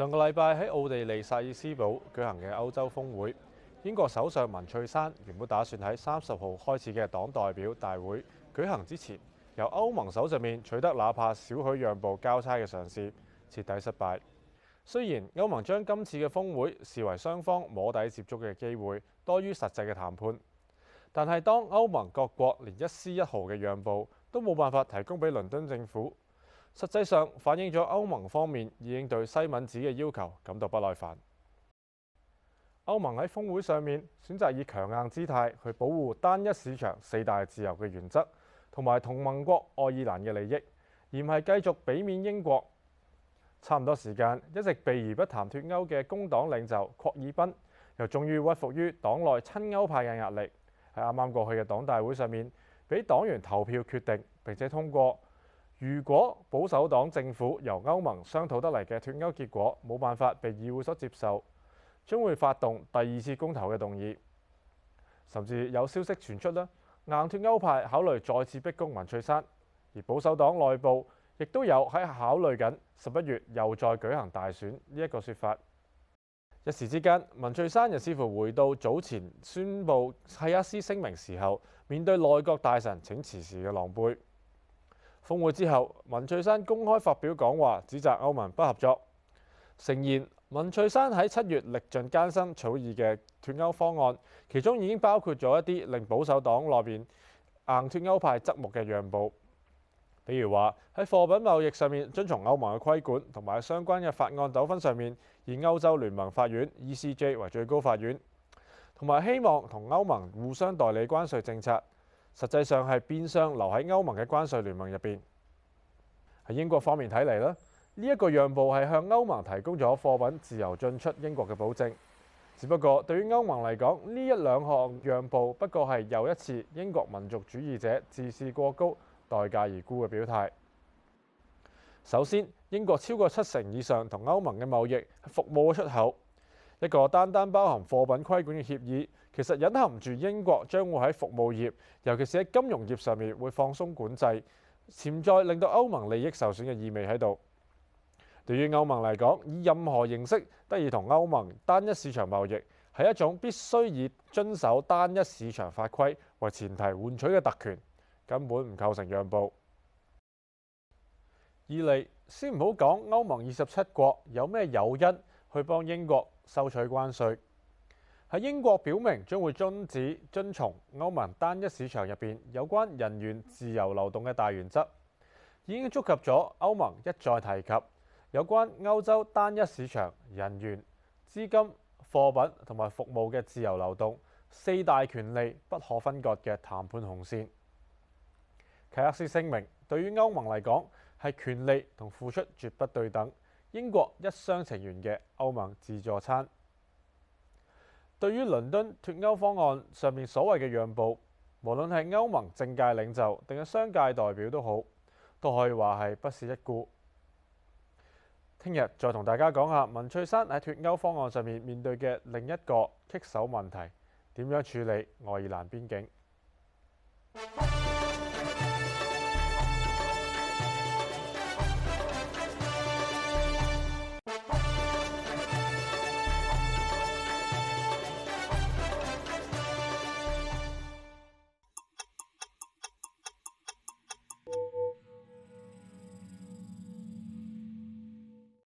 上個禮拜喺奧地利薩爾斯堡舉行嘅歐洲峰會，英國首相文翠珊原本打算喺三十號開始嘅黨代表大會舉行之前，由歐盟手上面取得哪怕少許讓步交差嘅嘗試，徹底失敗。雖然歐盟將今次嘅峰會視為雙方摸底接觸嘅機會多於實際嘅談判，但係當歐盟各國連一絲一毫嘅讓步都冇辦法提供俾倫敦政府，實際上反映咗歐盟方面已經對西敏寺嘅要求感到不耐煩。歐盟喺峰會上面選擇以強硬姿態去保護單一市場四大自由嘅原則，同埋同盟國愛爾蘭嘅利益，而唔係繼續俾面英國。差唔多時間一直避而不談脱歐嘅工黨領袖郝爾彬，又終於屈服於黨內親歐派嘅壓力，喺啱啱過去嘅黨大會上面俾黨員投票決定並且通過。如果保守黨政府由歐盟商討得嚟嘅脱歐結果冇辦法被議會所接受，將會發動第二次公投嘅動議，甚至有消息傳出啦，硬脱歐派考慮再次逼供文翠珊，而保守黨內部亦都有喺考慮緊十一月又再舉行大選呢一個說法。一時之間，文翠珊又似乎回到早前宣布契亞斯聲明時候面對內閣大臣請辭時嘅狼狽。峰會之後，文翠珊公開發表講話，指責歐盟不合作。承認文翠珊喺七月歷盡艱辛草擬嘅脱歐方案，其中已經包括咗一啲令保守黨內面硬脱歐派側目嘅讓步，比如話喺貨品貿易上面遵從歐盟嘅規管，同埋相關嘅法案糾紛上面，以歐洲聯盟法院 （ECJ） 為最高法院，同埋希望同歐盟互相代理關稅政策。實際上係變相留喺歐盟嘅關稅聯盟入邊。喺英國方面睇嚟咧，呢一個讓步係向歐盟提供咗貨品自由進出英國嘅保證。只不過對於歐盟嚟講，呢一兩項讓步不過係又一次英國民族主義者自視過高待價而沽嘅表態。首先，英國超過七成以上同歐盟嘅貿易服務出口。一個單單包含貨品規管嘅協議，其實隱含唔住英國將會喺服務業，尤其是喺金融業上面會放鬆管制，潛在令到歐盟利益受損嘅意味喺度。對於歐盟嚟講，以任何形式得以同歐盟單一市場貿易，係一種必須以遵守單一市場法規為前提換取嘅特權，根本唔構成讓步。二嚟先唔好講歐盟二十七國有咩誘因。去幫英國收取關稅，喺英國表明將會終止遵從歐盟單一市場入邊有關人員自由流動嘅大原則，已經觸及咗歐盟一再提及有關歐洲單一市場人員、資金、貨品同埋服務嘅自由流動四大權利不可分割嘅談判紅線。契克斯聲明對於歐盟嚟講係權利同付出絕不對等。英國一廂情願嘅歐盟自助餐，對於倫敦脱歐方案上面所謂嘅讓步，無論係歐盟政界領袖定係商界代表都好，都可以話係不屑一顧。聽日再同大家講下文翠珊喺脱歐方案上面面對嘅另一個棘手問題，點樣處理愛爾蘭邊境。